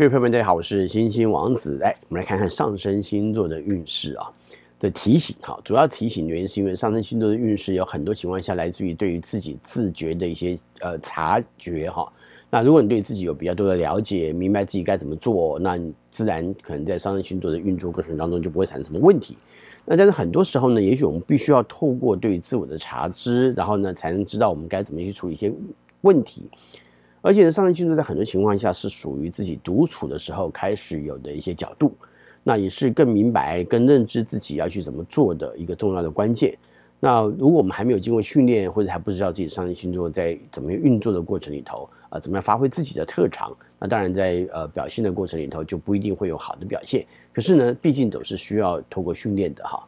各位朋友們，大家好，我是星星王子。來，我們來看看上升星座的運勢啊的提醒哈。主要提醒原因是因為上升星座的運勢有很多情況下來自於對於自己自覺的一些呃察覺哈。那如果你對自己有比較多的了解，明白自己該怎麼做，那你自然可能在上升星座的運作過程當中就不會產生什麼問題。那但是很多時候呢，也許我們必須要透過對自我的察知，然後呢才能知道我們該怎麼去處理一些問題。而且呢，上升星座在很多情況下是屬於自己獨處的時候開始有的一些角度，那也是更明白、更認知自己要去怎麼做的一個重要的關鍵。那如果我們還沒有經過訓練，或者還不知道自己上升星座在怎麼運作的過程裡頭啊、呃，怎麼樣發揮自己的特長，那當然在呃表現的過程裡頭就不一定會有好的表現。可是呢，畢竟都是需要透過訓練的哈。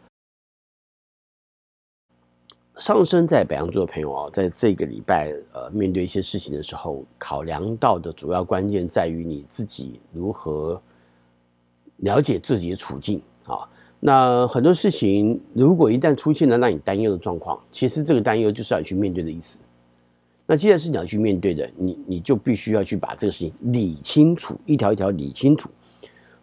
上升在白羊座的朋友啊，在這個禮拜，呃，面對一些事情的時候，考量到的主要關鍵在於你自己如何了解自己的處境啊。那很多事情，如果一旦出現了讓你擔憂的狀況，其實這個擔憂就是要去面對的意思。那既然是你要去面對的，你你就必須要去把這個事情理清楚，一條一條理清楚。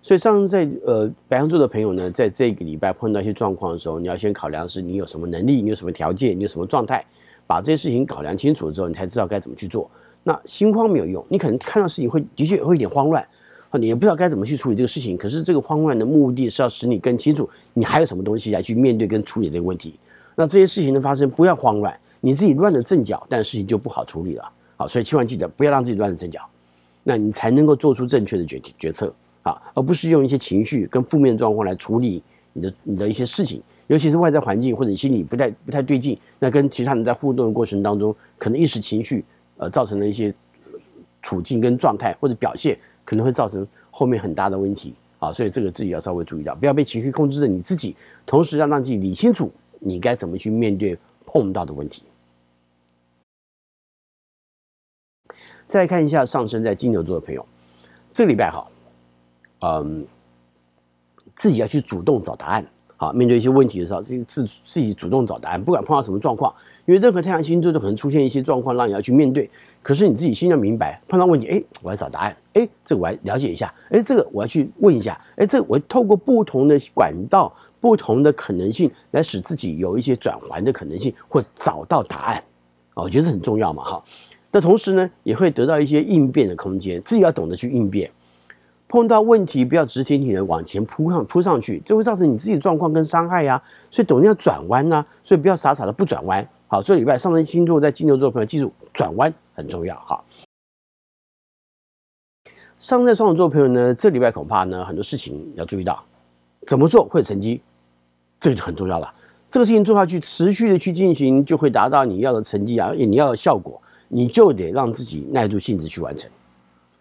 所以，上升在呃白羊座的朋友呢，在這個禮拜碰到一些狀況的時候，你要先考量是你有什麼能力，你有什麼條件，你有什麼狀態，把這些事情考量清楚了之後，你才知道該怎麼去做。那心慌沒有用，你可能看到事情會的確會有點慌亂，啊，你也不知道該怎麼去處理這個事情。可是這個慌亂的目的是要使你更清楚，你還有什麼東西來去面對跟處理這個問題。那這些事情的發生，不要慌亂，你自己亂了陣腳，但事情就不好處理了。好，所以千萬記得不要讓自己亂了陣腳，那你才能夠做出正確的決決策。啊，而不是用一些情緒跟負面狀況來處理你的你的一些事情，尤其是外在環境或者你心裡不太不太對勁，那跟其他人在互動的過程當中，可能一時情緒呃造成了一些處境跟狀態或者表現，可能會造成後面很大的問題啊。所以這個自己要稍微注意到，不要被情緒控制着你自己，同時要讓自己理清楚你該怎麼去面對碰到的問題。再來看一下上升在金牛座的朋友，這個禮拜哈。嗯，自己要去主動找答案。好，面對一些問題的時候，自己自自己主動找答案。不管碰到什麼狀況，因為任何太陽星座都可能出現一些狀況，讓你要去面對。可是你自己心裡要明白，碰到問題，哎，我要找答案，哎，這個我要了解一下，哎，這個我要去問一下，哎，這個、我透過不同的管道、不同的可能性，來使自己有一些轉圜的可能性，或找到答案。啊、哦，我覺得這很重要嘛，哈。那同時呢，也會得到一些應變的空間，自己要懂得去應變。碰到問題不要直挺挺的往前撲上撲上去，這會造成你自己的狀況跟傷害呀、啊。所以懂得要轉彎吶、啊，所以不要傻傻的不轉彎。好，這禮拜上升星座在金牛座的朋友記住轉彎很重要哈。上升在雙子座的朋友呢，這禮拜恐怕呢很多事情要注意到，怎麼做會有成績，這個、就很重要了。這個事情做下去，持續的去進行，就會達到你要的成績啊，你要的效果，你就得讓自己耐住性子去完成，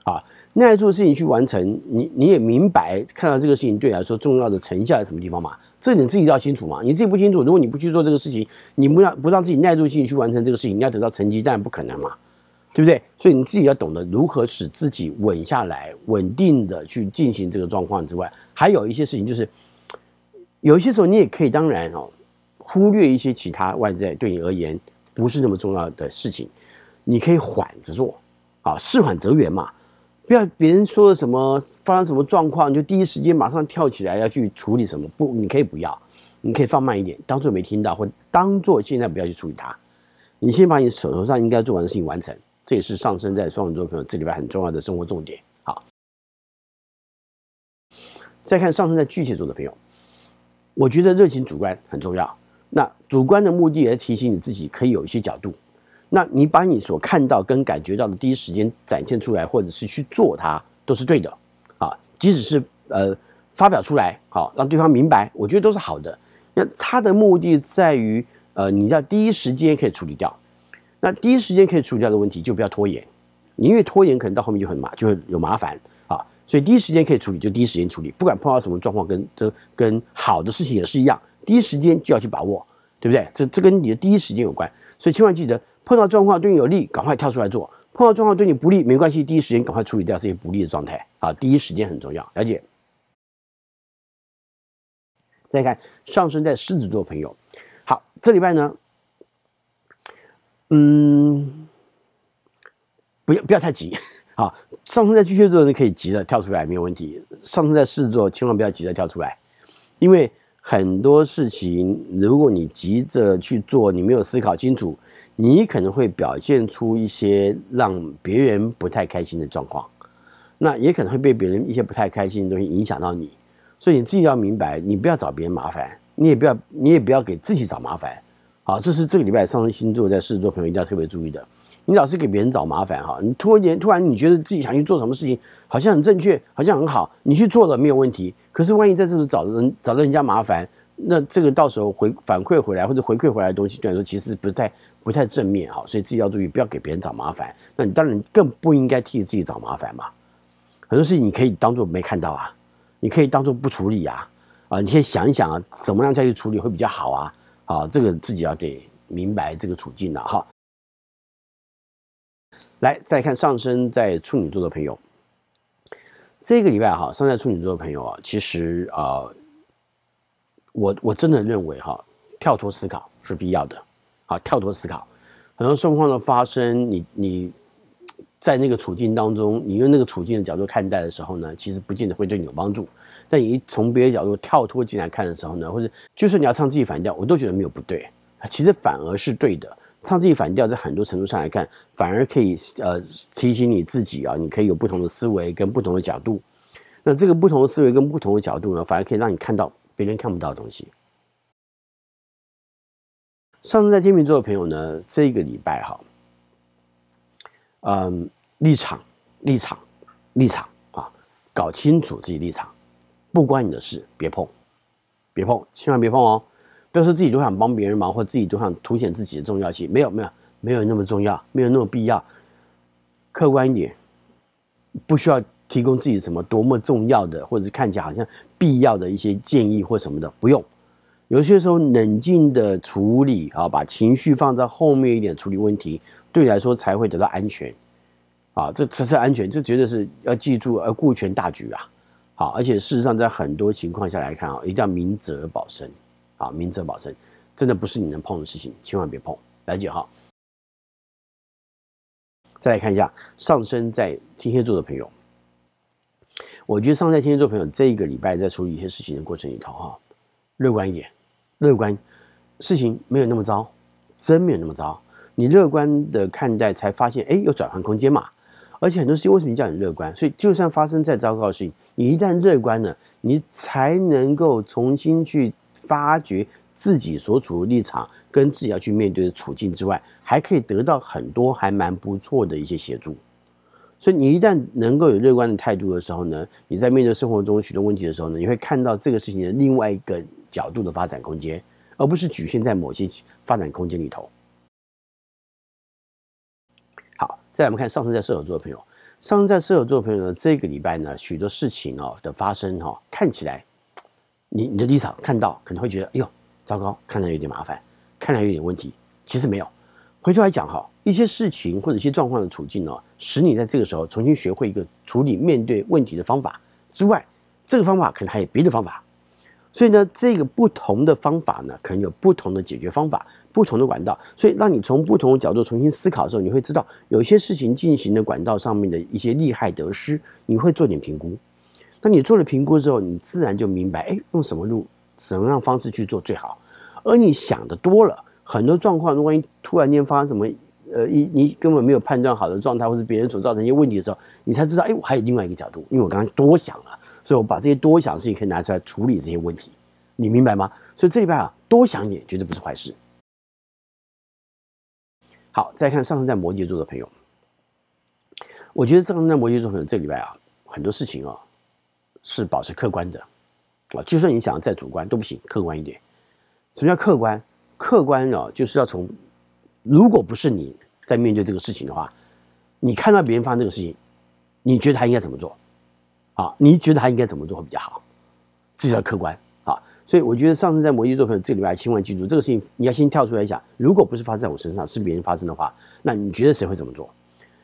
啊。耐住性子去完成，你你也明白看到這個事情對你來說重要的成效在什麼地方嘛？這你自己要清楚嘛。你自己不清楚，如果你不去做這個事情，你不要不讓自己耐住性子去完成這個事情，你要得到成績當然不可能嘛，對不對？所以你自己要懂得如何使自己穩下來、穩定的去進行這個狀況之外，還有一些事情就是，有一些時候你也可以當然哦，忽略一些其他外在對你而言不是那麼重要的事情，你可以緩着做，啊，事緩則圓嘛。不要別人說了什麼，發生什麼狀況，你就第一時間馬上跳起來要去處理什麼？不，你可以不要，你可以放慢一點，當做沒聽到，或當做現在不要去處理它。你先把你手頭上應該做完的事情完成，這也是上升在雙子座的朋友這禮拜很重要的生活重點。好，再看上升在巨蟹座的朋友，我覺得熱情主觀很重要。那主觀的目的，也提醒你自己可以有一些角度。那你把你所看到跟感覺到的第一時間展現出來，或者是去做它，都是對的，啊，即使是呃發表出來，啊，好讓對方明白，我覺得都是好的。那它的目的在於，呃，你要第一時間可以處理掉。那第一時間可以處理掉的問題，就不要拖延，你因為拖延可能到後面就很麻，就會有麻煩啊。所以第一時間可以處理，就第一時間處理。不管碰到什麼狀況，跟這跟好的事情也是一樣，第一時間就要去把握，對不對？這這跟你的第一時間有關，所以千萬記得。碰到狀況對你有利，趕快跳出來做；碰到狀況對你不利，沒關係，第一時間趕快處理掉這些不利的狀態。啊，第一時間很重要。了解。再看上升在獅子座的朋友，好，這禮拜呢，嗯，不要不要太急。好，上升在巨蟹座的人可以急着跳出來沒有問題；上升在獅子座，千萬不要急着跳出來，因為很多事情如果你急着去做，你沒有思考清楚。你可能會表現出一些讓別人不太開心的狀況，那也可能會被別人一些不太開心的東西影響到你，所以你自己要明白，你不要找別人麻煩，你也不要你也不要給自己找麻煩。好，這是這個禮拜上升星座在獅子座朋友一定要特別注意的。你老是給別人找麻煩哈，你突然突然你覺得自己想去做什麼事情，好像很正確，好像很好，你去做了沒有問題。可是萬一在這裡找人找到人家麻煩。那這個到時候回反饋回來或者回饋回來的東西，對你來說其實不太不太正面哈，所以自己要注意，不要給別人找麻煩。那你當然更不應該替自己找麻煩嘛。很多事情你可以當做沒看到啊，你可以當做不處理啊，啊，你可以想一想啊，怎麼樣再去處理會比較好啊，啊，這個自己要得明白這個處境了哈。來，再來看上升在處女座的朋友，這個禮拜哈、啊，上升在處女座的朋友啊，其實啊。我我真的認為哈，跳脫思考是必要的。好，跳脫思考，很多狀況的發生，你你在那個處境當中，你用那個處境的角度看待的時候呢，其實不見得會對你有幫助。但你一從別的角度跳脫進來看的時候呢，或者就是你要唱自己反調，我都覺得沒有不對，其實反而是對的。唱自己反調，在很多程度上來看，反而可以呃提醒你自己啊，你可以有不同的思維跟不同的角度。那這個不同的思維跟不同的角度呢，反而可以讓你看到。別人看不到的東西。上次在天秤座的朋友呢，這個禮拜哈，嗯，立場、立場、立場啊，搞清楚自己立場，不關你的事，別碰，別碰，千萬別碰哦！不要說自己都想幫別人忙，或自己都想凸顯自己的重要性，沒有沒有沒有那麼重要，沒有那麼必要，客觀一點，不需要。提供自己什麼多麼重要的，或者是看起來好像必要的一些建議或什麼的，不用。有些時候冷靜的處理，啊，把情緒放在後面一點處理問題，對你來說才會得到安全。啊，這才是安全，這絕對是要記住，要顧全大局啊。好，而且事實上在很多情況下來看啊，一定要明哲保身。啊，明哲保身，真的不是你能碰的事情，千萬別碰，了解哈。再來看一下上升在天蠍座的朋友。我覺得上在天蠍座朋友這一個禮拜在處理一些事情的過程裡頭哈，樂觀一點，樂觀，事情沒有那麼糟，真沒有那麼糟。你樂觀的看待，才發現哎，有轉換空間嘛。而且很多事情為什麼叫你樂觀？所以就算發生再糟糕的事情，你一旦樂觀了，你才能夠重新去發掘自己所處的立場，跟自己要去面對的處境之外，還可以得到很多還蠻不錯的一些協助。所以你一旦能夠有樂觀的態度的時候呢，你在面對生活中許多問題的時候呢，你會看到這個事情的另外一個角度的發展空間，而不是局限在某些發展空間裡頭。好，再來我們看上升在射手座的朋友，上升在射手座的朋友呢，這個禮拜呢，許多事情哦的發生哦，看起來，你你的理想看到可能會覺得，哎呦，糟糕，看來有點麻煩，看來有點問題，其實沒有，回頭來講哈、哦。一些事情或者一些狀況的處境呢、哦，使你在這個時候重新學會一個處理面對問題的方法之外，這個方法可能還有別的方法。所以呢，這個不同的方法呢，可能有不同的解決方法、不同的管道。所以讓你從不同的角度重新思考的時候，你會知道有些事情進行的管道上面的一些利害得失，你會做點評估。當你做了評估之後，你自然就明白，哎，用什麼路、什麼樣方式去做最好。而你想的多了，很多狀況，萬一突然間發生什麼？呃，你你根本沒有判斷好的狀態，或是別人所造成一些問題的時候，你才知道，哎，我還有另外一個角度，因為我剛剛多想了，所以我把這些多想的事情可以拿出來處理這些問題，你明白嗎？所以這禮拜啊，多想一點絕對不是壞事。好，再看上升在摩羯座的朋友，我覺得上升在摩羯座可能這禮拜啊，很多事情啊是保持客觀的，啊，就算你想再主觀都不行，客觀一點。什麼叫客觀？客觀啊，就是要從。如果不是你在面對這個事情的話，你看到別人發生這個事情，你覺得他應該怎麼做？啊，你覺得他應該怎麼做會比較好？這叫客觀啊。所以我覺得上升在摩羯座朋友，這個禮拜千萬記住，這個事情你要先跳出來一下，如果不是發生在我身上，是別人發生的話，那你覺得誰會怎麼做？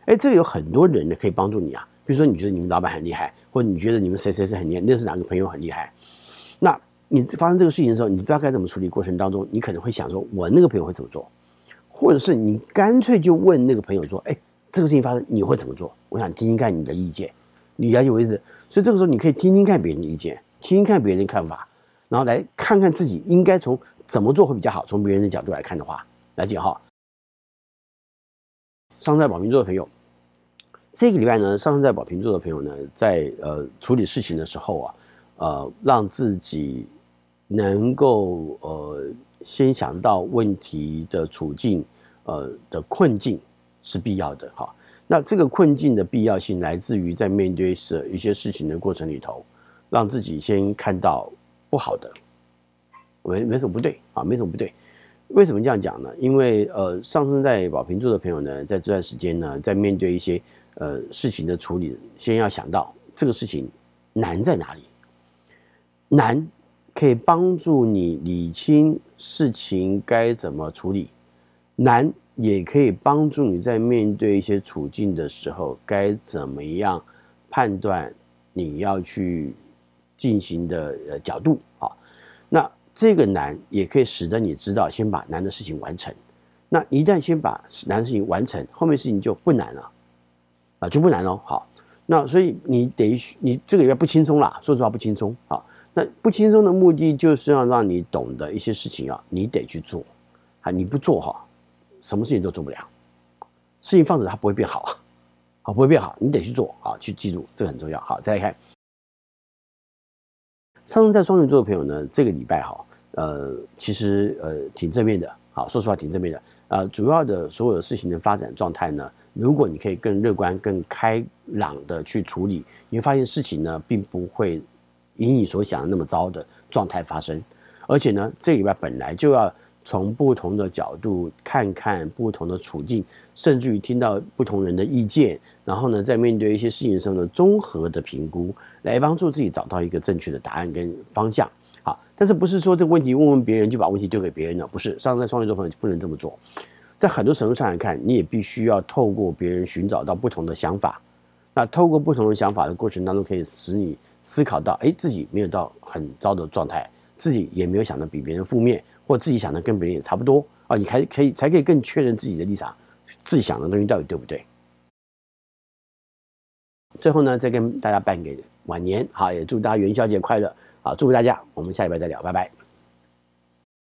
哎，這個有很多人呢可以幫助你啊。比如說，你覺得你們老闆很厲害，或者你覺得你們誰誰誰很厲害，那是哪個朋友很厲害？那你發生這個事情的時候，你不知道該怎麼處理，過程當中你可能會想說，我那個朋友會怎麼做？或者是你乾脆就問那個朋友說：“哎，這個事情發生你會怎麼做？我想聽聽看你的意見。”你了解我意思？所以這個時候你可以聽聽看別人的意見，聽聽看別人的看法，然後來看看自己應該從怎麼做會比較好。從別人的角度來看的話，來解號。上升在寶瓶座的朋友，這個禮拜呢，上升在寶瓶座的朋友呢，在呃處理事情的時候啊，呃，讓自己能夠呃。先想到問題的處境，呃的困境是必要的哈。那這個困境的必要性來自於在面對一些事情的過程裡頭，讓自己先看到不好的，沒沒什麼不對啊，沒什麼不對。為什麼這樣講呢？因為呃，上升在寶瓶座的朋友呢，在這段時間呢，在面對一些呃事情的處理，先要想到這個事情難在哪裡？難。可以幫助你理清事情該怎麼處理，難也可以幫助你在面對一些處境的時候，該怎麼樣判斷你要去進行的呃角度啊。那這個難也可以使得你知道先把難的事情完成，那一旦先把難的事情完成，後面事情就不難了啊，就不難了。好，那所以你等於你這個也不輕鬆啦，說實話不輕鬆啊。那不輕鬆的目的就是要讓你懂得一些事情啊，你得去做，啊，你不做哈，什麼事情都做不了，事情放着它不會變好啊，好不會變好，你得去做啊，去記住這個很重要。好，再來看，上升在雙魚座的朋友呢，這個禮拜哈，呃，其實呃挺正面的，好，說實話挺正面的，呃，主要的所有事情的發展狀態呢，如果你可以更樂觀、更開朗的去處理，你會發現事情呢並不會。以你所想的那麼糟的狀態發生，而且呢，這裡邊本來就要從不同的角度看看不同的處境，甚至於聽到不同人的意見，然後呢，在面對一些事情上的綜合的評估，來幫助自己找到一個正確的答案跟方向。好，但是不是說這個問題問問別人就把問題丟給別人了？不是，上升在雙魚座朋友就不能這麼做，在很多程度上來看，你也必須要透過別人尋找到不同的想法。那透過不同的想法的過程當中，可以使你。思考到，哎，自己沒有到很糟的狀態，自己也沒有想的比別人負面，或自己想的跟別人也差不多啊、哦，你才可以才可以更確認自己的立場，自己想的東西到底對不對。最後呢，再跟大家拜個晚年，好，也祝大家元宵節快樂，好，祝福大家，我們下禮拜再聊，拜拜。